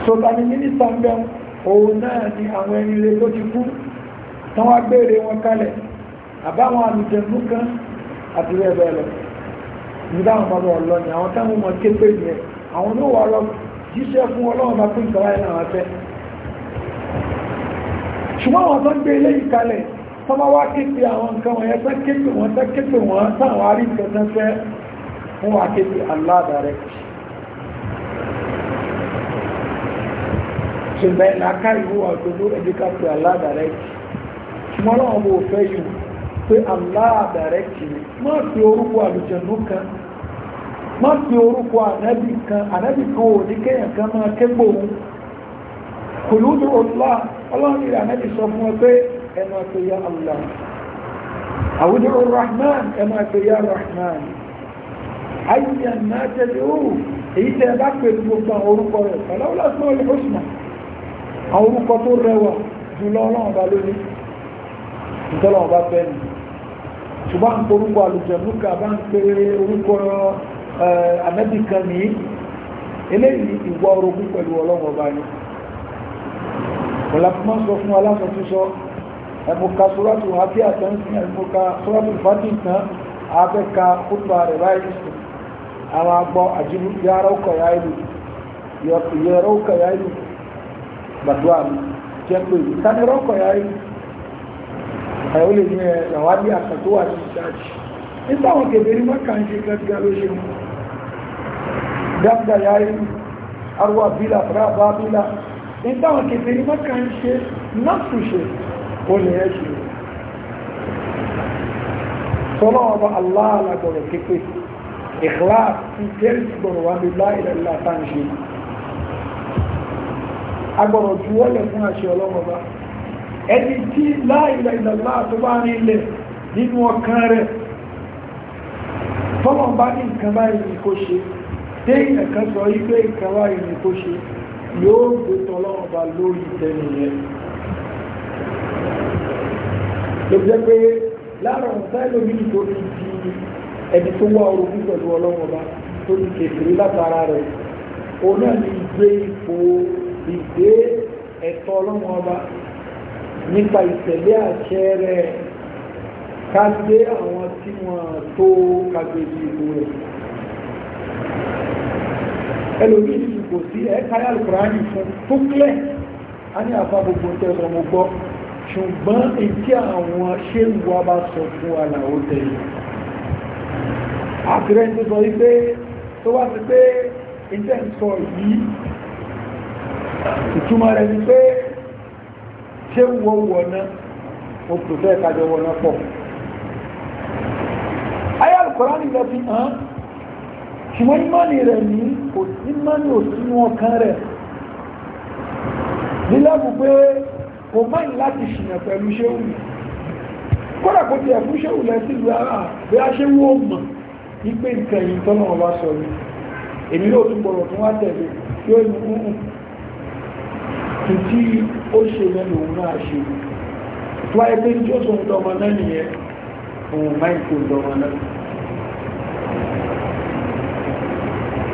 sọta ní mínísítà ń bẹ̀rù òun náà ni àwọn ẹni rẹ tó ti kú tán wá gbére wọn kalẹ̀ àbáwọn àlùjẹ̀mú kan àti rẹ̀ bẹ́ẹ̀ lọ nígbà àwọn ọmọ ọlọ ni àwọn táwọn ọmọ képe yẹn àwọn ló wà lọ jíṣẹ́ fún ọlọ́run bá pín ìkọlá yẹn àwọn afẹ́ ṣùgbọ́n àwọn tó ń gbé ilé ìkalẹ̀ tó máa wá képe àwọn nǹkan wọ̀nyẹn tó képe wọn tó képe wọn táwọn arí nǹkan tó fẹ́ fún wa képe Allah direct ṣùgbọ́n ẹ̀ láká ìwú ọ̀dọ́dọ́ Allah direct ṣùgbọ́n ọlọ́run bó fẹ́ yìí pé Allah má fi orúkọ ànábì kan ànábì kan ò ní kéèyàn kan máa kégbò òun kò lóòdù ọlá ọlọ́run ìrìn ànábì sọ fún ọ pé ẹnu àti ya allah àwùjọ rahman ẹnu àti ya rahman ayíyá náà tẹ̀lé òun èyí tẹ́ bá pè ní gbogbo àwọn orúkọ rẹ̀ pẹ̀lú ọlọ́sùn olùkọ́sùnà àwọn orúkọ tó rẹwà jùlọ ọlọ́run bá lóní ìtọ́lọ́run bá fẹ́ ni ṣùgbọ́n orúkọ àlùjẹ̀mú Eh, ànábì kan ní eléyìí ìwọ orogún pẹ̀lú ọlọ́run ọba ni ọ̀làfúnmọ́ sọ fún alásọ̀túnṣọ́ ẹ̀mùka sọ́rọ̀tù àti àtẹ́ǹsìn ẹ̀mùka sọ́rọ̀tù fàtí tán àbẹ́ka kútù ààrẹ báyìí sùn àwọn agbọ́ àjíbú yàrá ọkọ̀ yá ìlú yàrá ọkọ̀ yá ìlú gbàdúrà mi jẹ́ pé ìtànirọ́ ọkọ̀ yá ìlú ẹ̀ ó lè ní ẹ̀ làwádìí àkàtúwà ní ìṣáàjì nígbà wọn kèbèrè mọ́kànṣe gẹ́gẹ́ ló ṣe wọn dáadáa yáyé arúwà bílà rábà bílà ìtàwọn kèfè ní mọ́kà ń ṣe náàtúnṣe ó ní ẹ́ ṣe sọ́lọ́ ọba aláàlá gbọ́rọ̀ kéfè ìkhlá ti jẹ́rì sí gbọ́rọ̀ wà ní láìlẹ́lá tá ń ṣe agbọ́rọ̀ juwọ́lẹ̀ fún àṣẹ ọlọ́mọba ẹni tí láìlẹ́lá tó bá ní ilẹ̀ nínú ọkàn rẹ̀ fọ́lọ̀ bá ní nǹkan báyìí kó ṣe téèyàn kan sọ wípé nǹkan wáyé ni kó ṣe yóò gbé tọ́lọ́wọ́ bá lórí tẹ́lẹ̀ yẹn ló jẹ́ pé lára ọ̀hún sáìlò yìí tó fi di ẹni tó wá orogún pẹ̀lú ọlọ́wọ́ bá tó ti kèfèrè látara rẹ̀ òun náà ní gbé ipò ìgbé ẹ̀tọ́ ọlọ́wọ́ bá nípa ìtẹ̀lé àṣẹ rẹ̀ ká gbé àwọn tí wọ́n tó kagbèjì ìlú rẹ̀ ẹlòmí ìsìnkò sí ẹ̀káyà lùkùránì fún tó kílẹ̀ a ní àfá gbogbo tẹ́lọ mo gbọ́ ṣùgbọ́n ètí àwọn ṣe ń wá bá sọ fún aláwọ̀ tẹ̀lé àtìrẹ́ tó sọ wípé tó wá sí pé ìtẹ́ ń sọ yìí ìtumọ̀ rẹ̀ ni pé ṣé ń wọ wọ̀ná mo pòfẹ́ kájọ wọ̀ná pọ̀ ayé alùkùránì lọ fi hàn ṣùgbọ́n ìmọ́ni rẹ̀ ní kò sí mọ́ni òsínú ọkàn rẹ̀ nílẹ́bù pé kò mọ́ni láti ṣìnà pẹ̀lú ṣéhù kódà kò tiẹ̀ fún ṣéhù lẹ sí ìlú ara bí a ṣe wó mọ̀ ní pé nǹkan yìí tọ́nà ọba sọ ní èmi ló tún gbọ́rọ̀ tún wá tẹ̀lé tí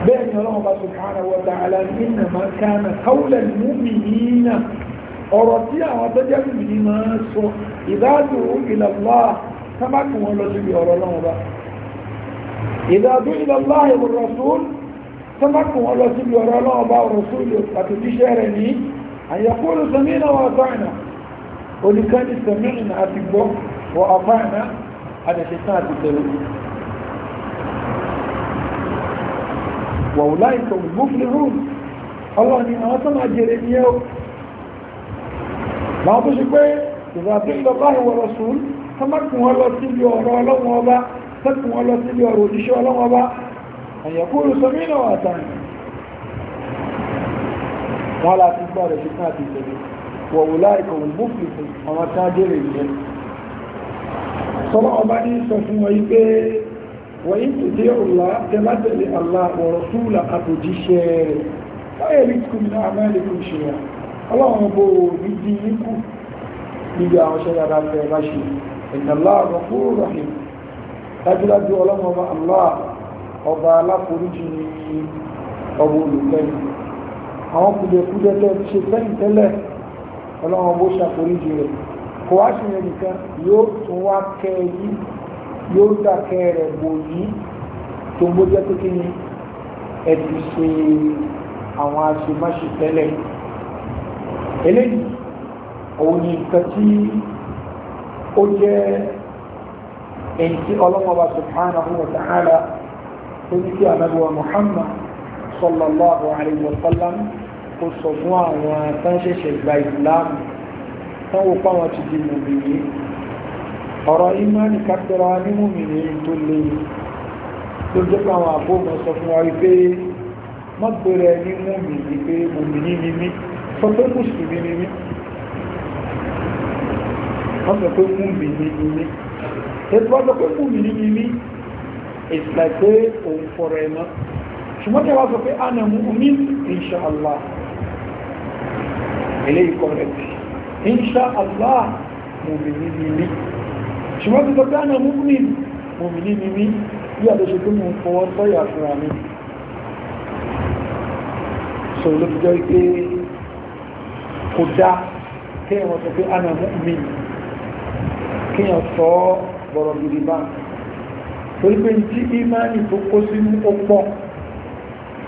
bẹ́ẹ̀ ni ọlọ́run bá subhanahu wa ta'ala innama kana qawla al-mu'minina ọ̀rọ̀ tí àwọn tó jẹ́ mùmìnì máa ń sọ idha du'u ila Allah sábàkì wọn lọ síbi ọ̀rọ̀ ọlọ́run bá idha du'u ila Allah wa rasul sábàkì wọn lọ síbi ọ̀rọ̀ ọlọ́run bá rasul àti tíṣẹ́ rẹ̀ ní àyàkúrò sami'na wa ata'na oníkan ní sami'na àti gbọ́ wa ata'na àdẹ̀ṣẹ̀tàn àti tẹ̀lé wọ̀wùlá ìkọ̀ mọ́fìlì rúùn ọlọ́ni àwọn tó máa jèrè ní ẹ́ láwọn tó ṣe pé ìrìnàjò báyìí wọ̀rọ̀ sùn tọ́mọ́kùn wọn lọ síbi ọ̀rọ̀ ọlọ́wọ́n ọba tẹ́kùn wọn lọ síbi ọ̀rọ̀ òjíṣẹ́ ọlọ́wọ́n ọba àyẹ̀kúrú sọmínà àtàrin wọ́n láti gbọ́ wọ́n tó dé ọ̀la tẹ́látẹ̀lẹ̀ aláàbọ̀rọ̀ fúlà àtòjíṣẹ́ rẹ̀ báyẹ̀ rí kùnlá amẹ́lẹ́kùn ṣe rẹ̀ ọlọ́run bó ní dí ikú níbi àwọn ṣẹ́ dáadáa fẹ́ bá ṣe ìdàláàbọ̀ fúrò rahim dájúdájú ọlọ́run ọba yóò dàkẹ́ rẹ̀ bò yìí tó ń bójú pé kí ni ẹ ti ṣe àwọn aṣemáṣe tẹ́lẹ̀ eléyìí òun ni nǹkan tí ó jẹ́ èyí tí ọlọ́mọba subhanahu wa ta'ala tó ní kí anábíwa muhammad sallallahu alayhi wa ó sọ fún àwọn tán ṣẹ̀ṣẹ̀ gba ìsìláàmù tán wò pàwọn ti di mòmìnir ọ̀rọ̀ imani kàtẹ́ra ní múmìnì tó lè tó jẹ́ káwọn àbómọ̀ sọ fún wa wípé má gbèrè ní múmìnì pé múmìnì ni mí sọ pé mùsùlùmí ni mí wọ́n sọ pé múmìnì ni mí ètò wọ́n sọ pé múmìnì ni mí it's like pé òun fọ̀rọ̀ ẹ̀ náà ṣùgbọ́n tí a wá sọ pé ana mu'min insha Allah eléyìí kọ̀rẹ́tì insha Allah múmìnì ni mí. ṣùgbọ́n ti tọ́jú àná múmi mòmìnì ni mí bí àdóṣe tó mú fọwọ́ sọ́yà fúnra mi sọ ló fi jọ pé kò dá kéèyàn sọ pé àná múmi kéèyàn sọ bọ̀rọ̀ gidi bá torí pé tí ìmáàni tó kó sínú ó pọ̀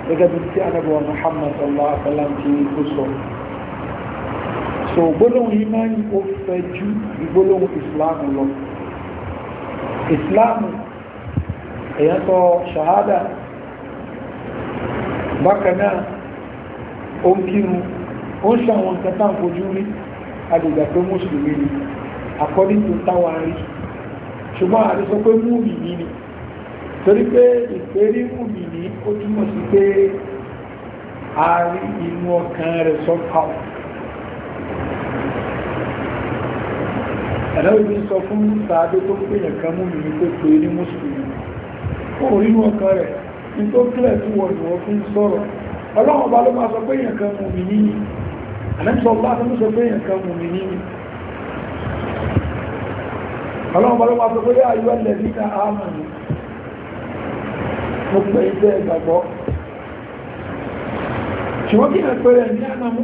gẹ́gẹ́ bí tí anábọ̀ Muhammad sallallahu alaihi wa sallam ti kó sọ so gbólóhùn ìmáàni ó fẹ́ ju ìgbólóhùn ìsìláàmù lọ ìsìláàmù èyàn sọ ṣàhádà bákanáà ó ń kírun ó ń ṣàwọn nǹkan tá à ń rí agbègbè pé mùsùlùmí ni according to táwọn rí ṣùgbọ́n àti sọ pé múùmì ní ni torí pé ìpérí múùmì ní ó túmọ̀ sí pé a rí inú ọkàn rẹ̀ somehow ẹ̀lẹ́wọ̀n ní sọ fún sàádé tó pèèyàn kan mú mi tó pè ní mùsùlùmí fún orínú ọkàn rẹ̀ ní tó kílẹ̀ tí wọ́n ni wọ́n fi ń sọ̀rọ̀ ọlọ́wọ́n bá ló máa sọ pèèyàn kan mú mi níyí àlẹ́sọ̀ bá ló sọ pèèyàn kan mú mi níyí ọlọ́wọ́n bá ló máa sọ pé ayọ́ lẹ́bí na àmàlù mo pè é bẹ́ẹ̀ gbàgbọ́ ṣùgbọ́n kí n pẹ̀rẹ̀ ní àná mú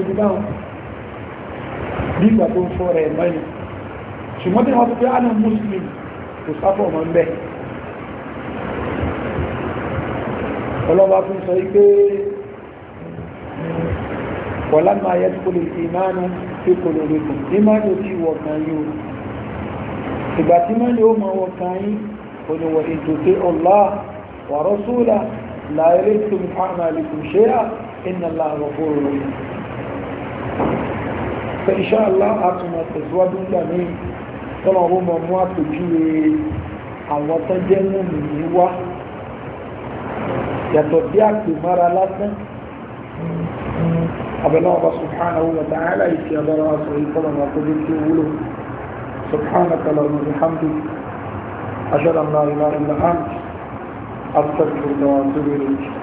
mi mú nígbà tó ń fọ́ rẹ̀ mẹ́rin ṣùgbọ́n tí wọ́n tó pé ánà muslim kò sábọ̀ mọ́ ń bẹ̀ ọlọ́wà fún sọ wípé wọ̀lá máa yẹ kó lè fi ìmánu tí kò lè rẹ̀kùn ìmánu tí wọ̀ kan yóò ìgbà tí mọ́ ni ó mọ́ wọ̀ kan yí oníwọ̀ ètò tí ọlá wà rọ́súlà láàrín tó ń fáàmà pé iṣẹ́ aláàtúnmọ̀ tẹ̀síwájú nígbà míì tọ́lọ̀ owó mọ̀ mú àpèjúwe àwọn tó jẹ́ múmi ní wá yàtọ̀ bí àpèmára lásán abẹ́lẹ́ ọba subhanahu wa ta'ala ìṣe abẹ́rẹ́ wa sọ yìí tọ́lọ̀ wà tó dé tí ó wúlò subhanahu wa ta'ala alhamdu ashhadu an la ilaha illa anta astaghfiruka wa atubu